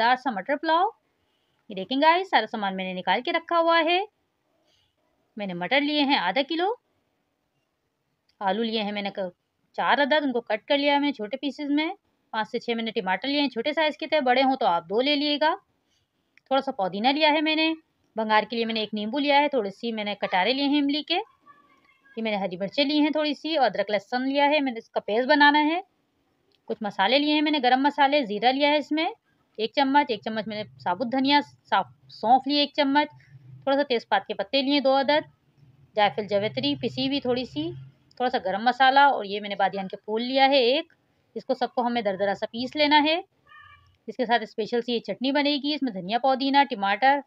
मज़ेदार सा मटर पुलाव ये देखें गाइस सारा सामान मैंने निकाल के रखा हुआ है मैंने मटर लिए हैं आधा किलो आलू लिए हैं मैंने चार अदद उनको कट कर लिया है मैंने छोटे पीसेज में पाँच से छः मैंने टमाटर लिए हैं छोटे साइज़ के थे बड़े हों तो आप दो ले लिएगा थोड़ा सा पुदीना लिया है मैंने भंगार के लिए मैंने एक नींबू लिया है थोड़ी सी मैंने कटारे लिए हैं इमली के ये मैंने हरी मिर्चें ली हैं थोड़ी सी और अदरक लहसुन लिया है मैंने इसका पेस्ट बनाना है कुछ मसाले लिए हैं मैंने गरम मसाले ज़ीरा लिया है इसमें एक चम्मच एक चम्मच मैंने साबुत धनिया साफ सौंफ लिए एक चम्मच थोड़ा सा तेज़पात के पत्ते लिए दो अदद जायफल जवेत्री पिसी हुई थोड़ी सी थोड़ा सा गरम मसाला और ये मैंने बादियान के फूल लिया है एक इसको सबको हमें दरदरा सा पीस लेना है इसके साथ स्पेशल सी ये चटनी बनेगी इसमें धनिया पौदीना टमाटर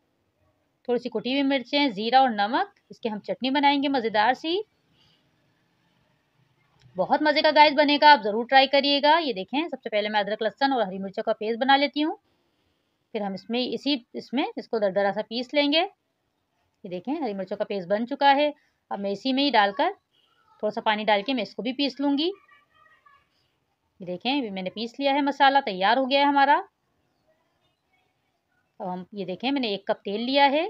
थोड़ी सी कुटी हुई मिर्चें ज़ीरा और नमक इसके हम चटनी बनाएंगे मज़ेदार सी बहुत मज़े का गाइस बनेगा आप ज़रूर ट्राई करिएगा ये देखें सबसे पहले मैं अदरक लहसन और हरी मिर्चों का पेस्ट बना लेती हूँ फिर हम इसमें इसी इसमें इसको दरदरा सा पीस लेंगे ये देखें हरी मिर्चों का पेस्ट बन चुका है अब मैं इसी में ही डालकर थोड़ा सा पानी डाल के मैं इसको भी पीस लूँगी ये देखें मैंने पीस लिया है मसाला तैयार हो गया है हमारा अब हम ये देखें मैंने एक कप तेल लिया है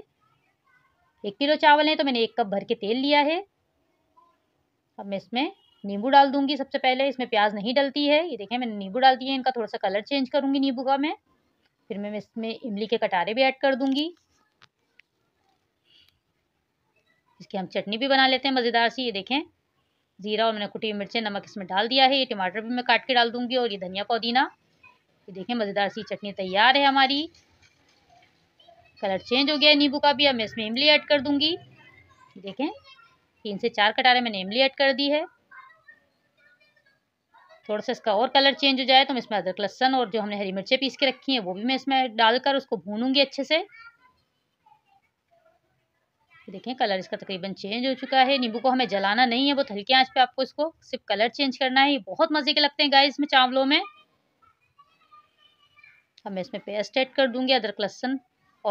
एक किलो चावल है तो मैंने एक कप भर के तेल लिया है अब मैं इसमें नींबू डाल दूंगी सबसे पहले इसमें प्याज नहीं डलती है ये देखें मैंने नींबू डाल दिए इनका थोड़ा सा कलर चेंज करूँगी नींबू का मैं फिर मैं इसमें इमली के कटारे भी ऐड कर दूँगी इसकी हम चटनी भी बना लेते हैं मज़ेदार सी ये देखें ज़ीरा और मैंने कुटी मिर्चें नमक इसमें डाल दिया है ये टमाटर भी मैं काट के डाल दूँगी और ये धनिया पुदीना ये देखें मज़ेदार सी चटनी तैयार है हमारी कलर चेंज हो गया है नींबू का भी अब मैं इसमें इमली ऐड कर दूँगी देखें तीन से चार कटारे मैंने इमली ऐड कर दी है थोड़ा सा इसका और कलर चेंज हो जाए तो मैं इसमें अदरक लहसन और जो हमने हरी मिर्चें पीस के रखी हैं वो भी मैं इसमें डालकर उसको भूनूंगी अच्छे से देखें कलर इसका तकरीबन चेंज हो चुका है नींबू को हमें जलाना नहीं है बहुत हल्के आंच पे आपको इसको सिर्फ कलर चेंज करना है ये बहुत मज़े के लगते हैं गाय इसमें चावलों में अब मैं इसमें पेस्ट ऐड कर दूंगी अदरक लहसन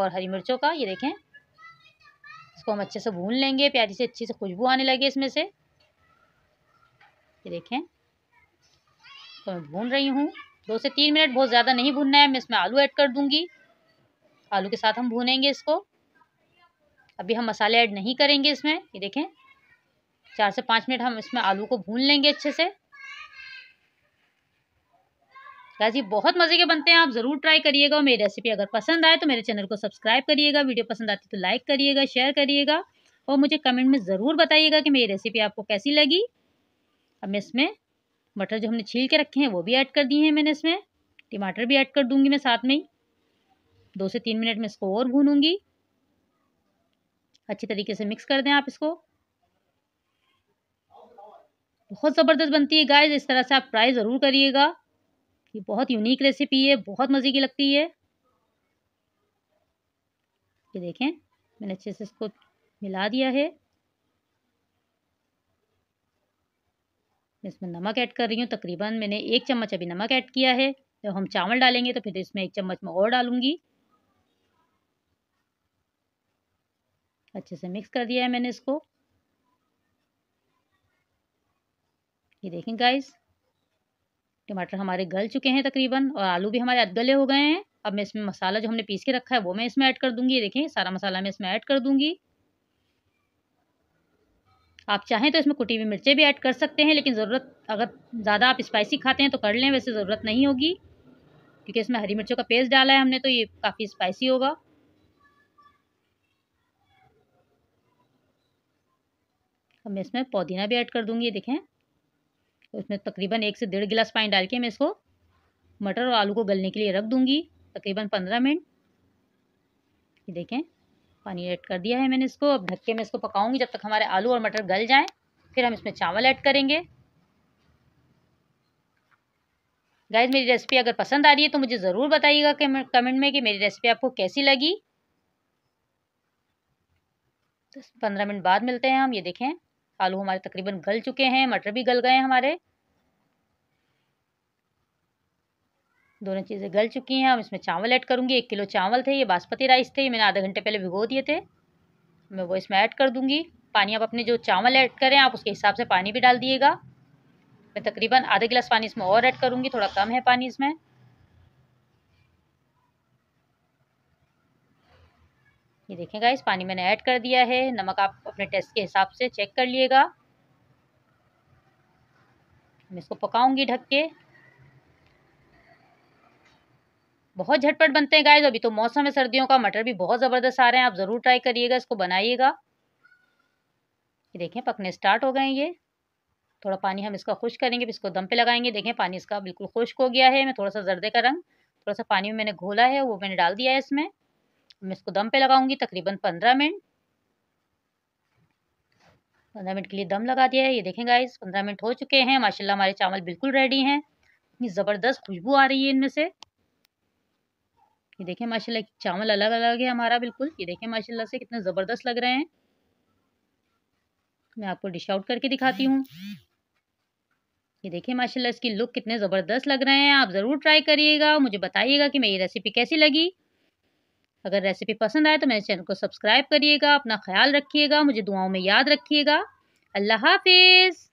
और हरी मिर्चों का ये देखें इसको हम अच्छे से भून लेंगे प्यारी से अच्छी से खुशबू आने लगे इसमें से ये देखें इसको तो मैं भून रही हूँ दो से तीन मिनट बहुत ज़्यादा नहीं भूनना है मैं इसमें आलू ऐड कर दूँगी आलू के साथ हम भूनेंगे इसको अभी हम मसाले ऐड नहीं करेंगे इसमें ये देखें चार से पाँच मिनट हम इसमें आलू को भून लेंगे अच्छे से राजी बहुत मज़े के बनते हैं आप ज़रूर ट्राई करिएगा और मेरी रेसिपी अगर पसंद आए तो मेरे चैनल को सब्सक्राइब करिएगा वीडियो पसंद आती तो लाइक करिएगा शेयर करिएगा और मुझे कमेंट में ज़रूर बताइएगा कि मेरी रेसिपी आपको कैसी लगी अब मैं इसमें मटर जो हमने छील के रखे हैं वो भी ऐड कर दिए हैं मैंने इसमें टमाटर भी ऐड कर दूंगी मैं साथ में ही दो से तीन मिनट में इसको और भूनूंगी अच्छी तरीके से मिक्स कर दें आप इसको बहुत ज़बरदस्त बनती है गाय इस तरह से आप ट्राई ज़रूर करिएगा ये बहुत यूनिक रेसिपी है बहुत मज़े की लगती है ये देखें मैंने अच्छे से इसको मिला दिया है मैं इसमें नमक ऐड कर रही हूँ तकरीबन मैंने एक चम्मच अभी नमक ऐड किया है जब हम चावल डालेंगे तो फिर इसमें एक चम्मच मैं और डालूंगी अच्छे से मिक्स कर दिया है मैंने इसको ये देखें गाइस टमाटर हमारे गल चुके हैं तकरीबन और आलू भी हमारे गले हो गए हैं अब मैं इसमें मसाला जो हमने पीस के रखा है वो मैं इसमें ऐड कर दूंगी ये देखें सारा मसाला मैं इसमें ऐड कर दूंगी आप चाहें तो इसमें कुटी हुई मिर्चें भी ऐड कर सकते हैं लेकिन ज़रूरत अगर ज़्यादा आप स्पाइसी खाते हैं तो कर लें वैसे ज़रूरत नहीं होगी क्योंकि इसमें हरी मिर्चों का पेस्ट डाला है हमने तो ये काफ़ी स्पाइसी होगा अब मैं इसमें पुदीना भी ऐड कर दूँगी देखें तो इसमें तकरीबन एक से डेढ़ गिलास पानी डाल के मैं इसको मटर और आलू को गलने के लिए रख दूँगी तकरीबन पंद्रह मिनट देखें पानी ऐड कर दिया है मैंने इसको अब ढक्के में इसको पकाऊंगी जब तक हमारे आलू और मटर गल जाएं फिर हम इसमें चावल ऐड करेंगे गाइज मेरी रेसिपी अगर पसंद आ रही है तो मुझे ज़रूर बताइएगा कमेंट में कि मेरी रेसिपी आपको कैसी लगी दस पंद्रह मिनट बाद मिलते हैं हम ये देखें आलू हमारे तकरीबन गल चुके हैं मटर भी गल गए हैं हमारे दोनों चीज़ें गल चुकी हैं अब इसमें चावल ऐड करूँगी एक किलो चावल थे ये बासमती राइस थे ये मैंने आधे घंटे पहले भिगो दिए थे मैं वो इसमें ऐड कर दूँगी पानी आप अपने जो चावल ऐड करें आप उसके हिसाब से पानी भी डाल दिएगा मैं तकरीबन आधे गिलास पानी इसमें और ऐड करूँगी थोड़ा कम है पानी इसमें ये देखेगा इस पानी मैंने ऐड कर दिया है नमक आप अपने टेस्ट के हिसाब से चेक कर लिएगा मैं इसको पकाऊंगी ढक के बहुत झटपट बनते हैं गाइज अभी तो मौसम है सर्दियों का मटर भी बहुत ज़बरदस्त आ रहे हैं आप ज़रूर ट्राई करिएगा इसको बनाइएगा ये देखें पकने स्टार्ट हो गए ये थोड़ा पानी हम इसका खुश करेंगे फिर इसको दम पे लगाएंगे देखें पानी इसका बिल्कुल खुश्क हो गया है मैं थोड़ा सा जर्दे का रंग थोड़ा सा पानी में मैंने घोला है वो मैंने डाल दिया है इसमें मैं इसको दम पे लगाऊंगी तकरीबन पंद्रह मिनट पंद्रह मिनट के लिए दम लगा दिया है ये देखें गाइस पंद्रह मिनट हो चुके हैं माशाल्लाह हमारे चावल बिल्कुल रेडी हैं इतनी ज़बरदस्त खुशबू आ रही है इनमें से ये देखें माशाल्लाह चावल अलग अलग है हमारा बिल्कुल ये देखें माशाल्लाह से कितना ज़बरदस्त लग रहे हैं मैं आपको डिश आउट करके दिखाती हूँ ये देखिए माशाल्लाह इसकी लुक कितने ज़बरदस्त लग रहे हैं आप ज़रूर ट्राई करिएगा मुझे बताइएगा कि मेरी रेसिपी कैसी लगी अगर रेसिपी पसंद आए तो मेरे चैनल को सब्सक्राइब करिएगा अपना ख्याल रखिएगा मुझे दुआओं में याद रखिएगा अल्लाह हाफिज़